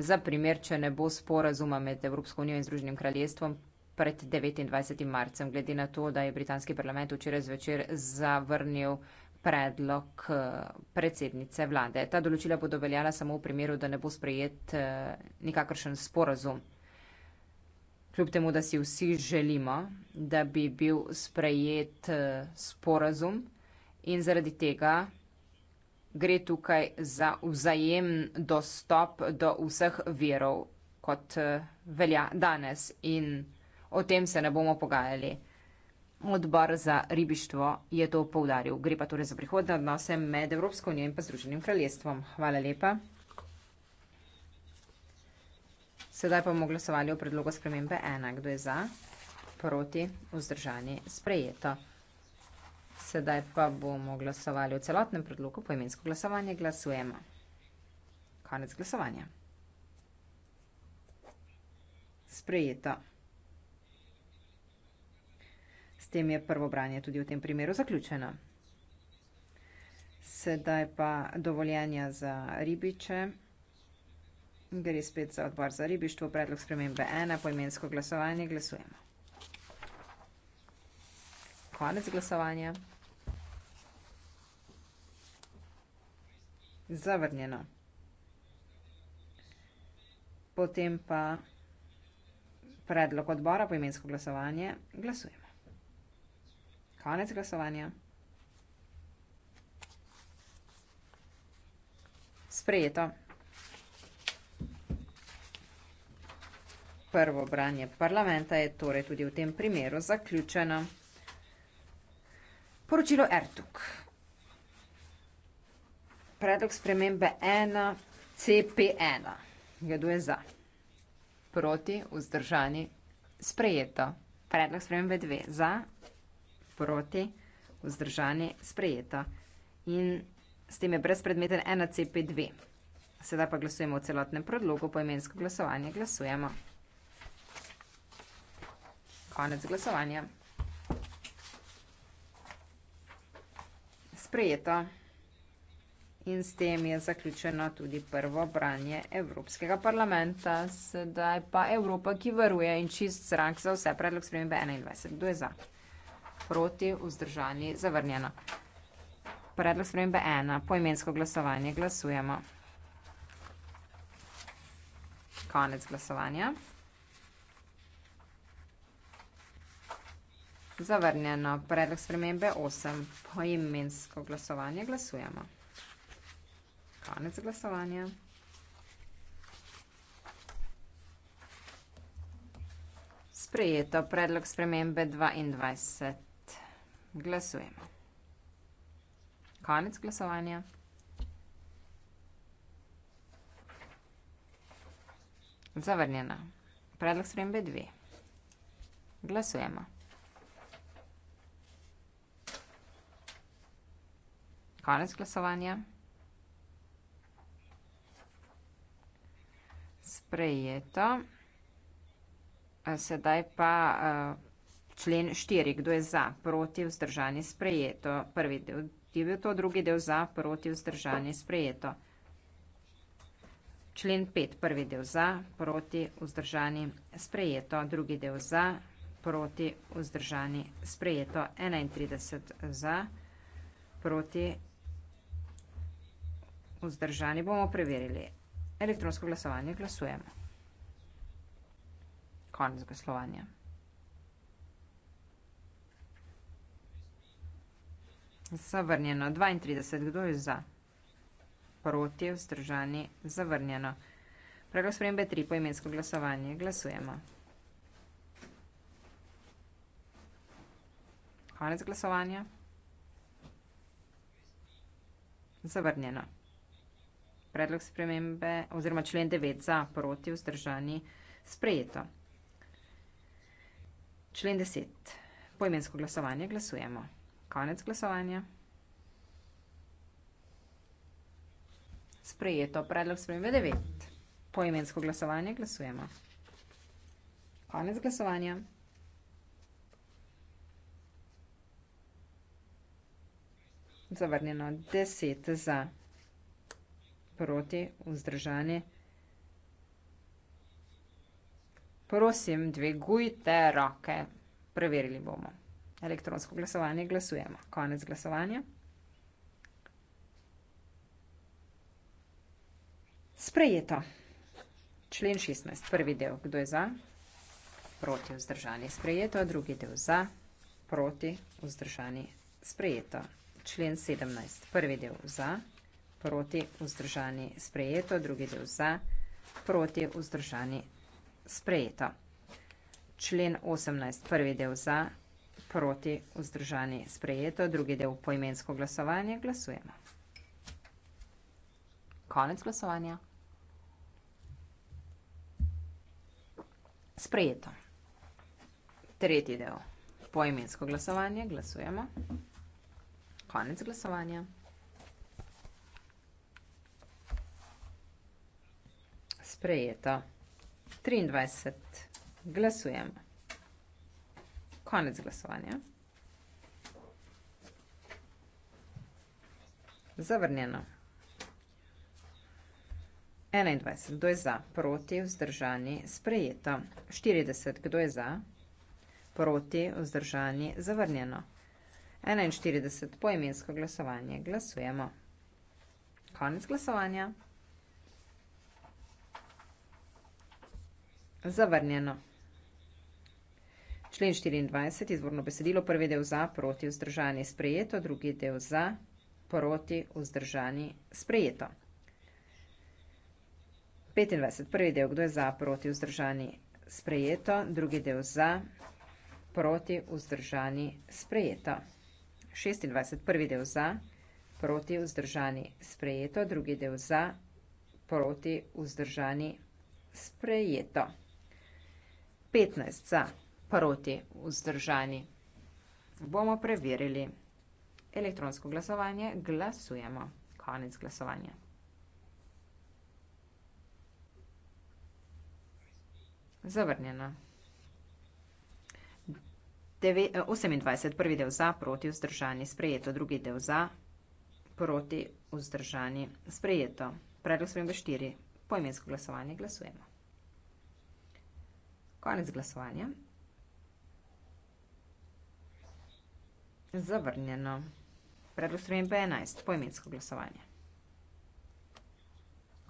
za primer če ne bo sporazuma med evropsko unijo in združenim kraljestvom pred devetindvajsetim marcem glede na to da je britanski parlament včeraj zvečer zavrnil predlog eh, predsednice vlade. Ta določila bodo veljala samo v primeru, da ne bo sprejet eh, nikakršen sporazum. Kljub temu, da si vsi želimo, da bi bil sprejet eh, sporazum in zaradi tega gre tukaj za vzajem dostop do vseh verov, kot velja danes in o tem se ne bomo pogajali. Odbor za ribištvo je to povdaril. Gre pa torej za prihodne odnose med Evropsko unijo in pa Združenim kraljestvom. Hvala lepa. Sedaj pa bomo glasovali o predlogu spremembe 1. Kdo je za? Proti? Vzdržani? Sprejeto. Sedaj pa bomo glasovali o celotnem predlogu. Poimensko glasovanje glasujemo. Konec glasovanja. Sprejeto. S tem je prvo branje tudi v tem primeru zaključeno. Sedaj pa dovoljenja za ribiče. Gre spet za odbor za ribištvo, predlog spremembe ena, poimensko glasovanje, glasujemo. Konec glasovanja. Zavrnjeno. Potem pa predlog odbora, poimensko glasovanje, glasujemo. Konec glasovanja. Sprejeto. Prvo branje parlamenta je torej tudi v tem primeru zaključeno. Poročilo Ertuk. Predlog spremembe 1 CP1. Gleduje za. Proti, vzdržani, sprejeto. Predlog spremembe 2 za, proti, vzdržani, sprejeta. In s tem je brezpredmeten 1CP2. Sedaj pa glasujemo o celotnem predlogu, po imensko glasovanje glasujemo. Konec glasovanja. Sprejeto. In s tem je zaključeno tudi prvo branje Evropskega parlamenta. Sedaj pa Evropa, ki varuje in čist zrak za vse predlog spremembe 21. Kdo je za? proti vzdržani zavrnjeno. Predlog spremembe ena. Poimensko glasovanje glasujemo. Konec glasovanja. Zavrnjeno. Predlog spremembe osem. Poimensko glasovanje glasujemo. Konec glasovanja. Sprejeto predlog spremembe 22 glasujemo. Konec glasovanja. Zavrnjena. Predlog spremembe 2. Glasujemo. Konec glasovanja. Sprejeto. Sedaj pa. Uh, Člen 4. Kdo je za, proti, vzdržani, sprejeto? Prvi del je bil to, drugi del za, proti, vzdržani, sprejeto. Člen 5. Prvi del za, proti, vzdržani, sprejeto. Drugi del za, proti, vzdržani, sprejeto. 31 za, proti, vzdržani. Bomo preverili. Elektronsko glasovanje glasujemo. Konec glasovanja. Zavrnjeno. 32. Kdo je za? Proti, vzdržani. Zavrnjeno. Predlog spremembe 3. Poimensko glasovanje. Glasujemo. Konec glasovanja. Zavrnjeno. Predlog spremembe oziroma člen 9 za, proti, vzdržani, sprejeto. Člen 10. Poimensko glasovanje glasujemo konec glasovanja. Sprejeto, predlog spremembe 9. Poimensko glasovanje glasujemo. Konec glasovanja. Zavrnjeno 10 za proti vzdržanje. Prosim, dvigujte roke. Preverili bomo elektronsko glasovanje glasujemo. Konec glasovanja. Sprejeto. Člen 16. Prvi del, kdo je za, proti vzdržani sprejeto, drugi del za, proti vzdržani sprejeto. Člen 17. Prvi del za, proti vzdržani sprejeto, drugi del za, proti vzdržani sprejeto. Člen 18. Prvi del za, proti, vzdržani, sprejeto. Drugi del poimensko glasovanje. Glasujemo. Konec glasovanja. Sprejeto. Tretji del poimensko glasovanje. Glasujemo. Konec glasovanja. Sprejeto. 23. Glasujemo. Konec glasovanja. Zavrnjeno. 21. Kdo je za? Proti, vzdržani, sprejeto. 40. Kdo je za? Proti, vzdržani, zavrnjeno. 41. Poimensko glasovanje. Glasujemo. Konec glasovanja. Zavrnjeno. Člen 24, izvorno besedilo, prvi del za, proti vzdržani sprejeto, drugi del za, proti vzdržani sprejeto. 25, prvi del, kdo je za, proti vzdržani sprejeto, drugi del za, proti vzdržani sprejeto. 26, prvi del za, proti vzdržani sprejeto, drugi del za, proti vzdržani sprejeto. 15 za, proti vzdržani. Bomo preverili. Elektronsko glasovanje. Glasujemo. Konec glasovanja. Zavrnjeno. 28. Eh, Prvi del za, proti vzdržani, sprejeto. Drugi del za, proti vzdržani, sprejeto. Predlog smo imeli štiri. Poimensko glasovanje glasujemo. Konec glasovanja. Zavrnjeno. Predlog spremembe je 11, poimensko glasovanje.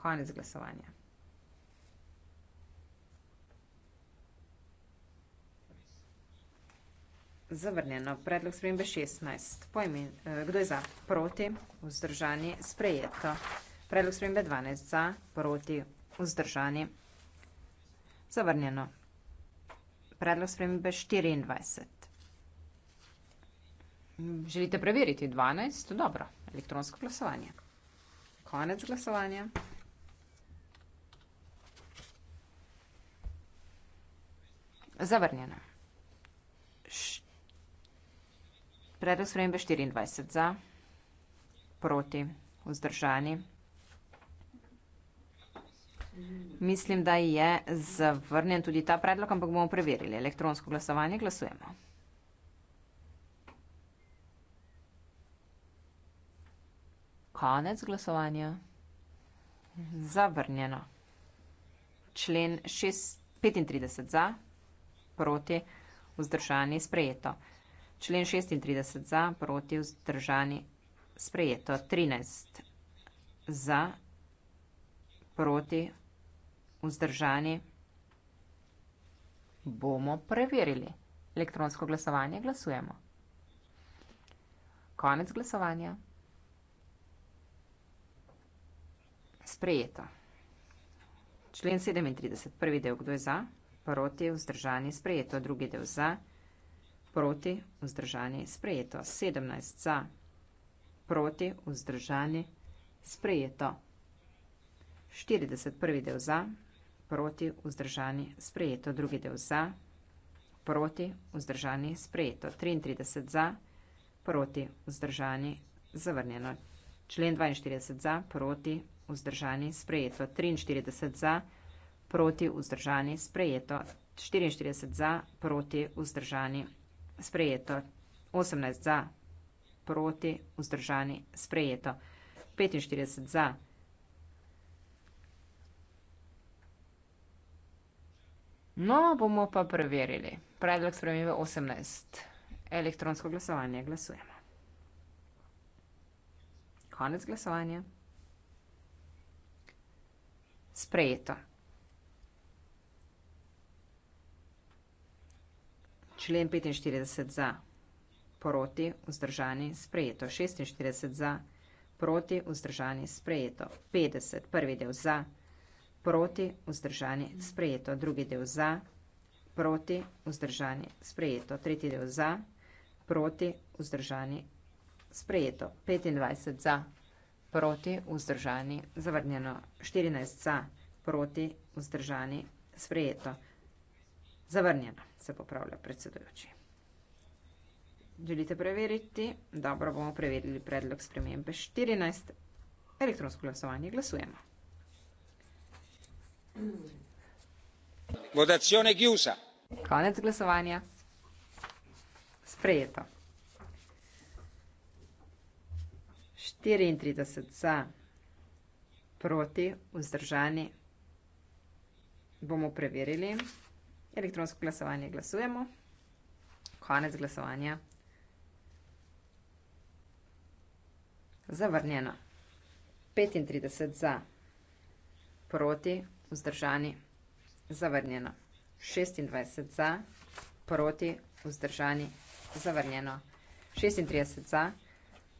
Konec glasovanja. Zavrnjeno. Predlog spremembe 16. Poimen, eh, kdo je za? Proti. Vzdržani. Sprejeto. Predlog spremembe 12. Za. Proti. Vzdržani. Zavrnjeno. Predlog spremembe 24. Želite preveriti 12? Dobro, elektronsko glasovanje. Konec glasovanja. Zavrnjeno. Predlog spremembe 24 za, proti, vzdržani. Mislim, da je zavrnjen tudi ta predlog, ampak bomo preverili. Elektronsko glasovanje glasujemo. Konec glasovanja. Zavrnjeno. Člen 635 za, proti, vzdržani, sprejeto. Člen 36 za, proti, vzdržani, sprejeto. 13 za, proti, vzdržani. Bomo preverili. Elektronsko glasovanje glasujemo. Konec glasovanja. Sprejeto. Člen 37. Prvi del, kdo je za? Proti, vzdržani, sprejeto. Drugi del za? Proti, vzdržani, sprejeto. 17 za? Proti, vzdržani, sprejeto. 40. Prvi del za? Proti, vzdržani, sprejeto. Drugi del za? Proti, vzdržani, sprejeto. 33 za? Proti, vzdržani, zavrnjeno. Člen 42 za? Proti, vzdržani vzdržani, sprejeto 43 za, proti vzdržani, sprejeto 44 za, proti vzdržani, sprejeto 18 za, proti vzdržani, sprejeto 45 za. No, bomo pa preverili. Predlog spremljive 18. Elektronsko glasovanje glasujemo. Konec glasovanja sprejeto. Člen 45 za proti vzdržani sprejeto. 46 za proti vzdržani sprejeto. 50 prvi del za proti vzdržani sprejeto. Drugi del za proti vzdržani sprejeto. Tretji del za proti vzdržani sprejeto. 25 za proti proti vzdržani, zavrnjeno, 14 za, proti vzdržani, sprejeto, zavrnjeno, se popravlja predsedujoči. Želite preveriti? Dobro bomo preverili predlog spremembe 14. Elektronsko glasovanje glasujemo. Konec glasovanja. Sprejeto. 34 za, proti, vzdržani. Bomo preverili. Elektronsko glasovanje glasujemo. Konec glasovanja. Zavrnjeno. 35 za, proti, vzdržani. Zavrnjeno. 26 za, proti, vzdržani. Zavrnjeno. 36 za, proti, vzdržani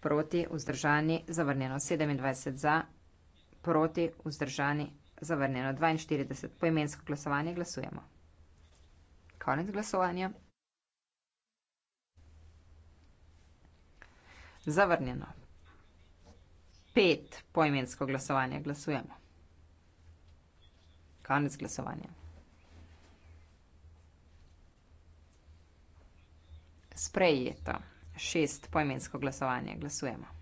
proti, vzdržani, zavrnjeno 27 za, proti, vzdržani, zavrnjeno 42. Po imensko glasovanje glasujemo. Konec glasovanja. Zavrnjeno. Pet po imensko glasovanje glasujemo. Konec glasovanja. Sprejeto šest poimensko glasovanje. Glasujemo.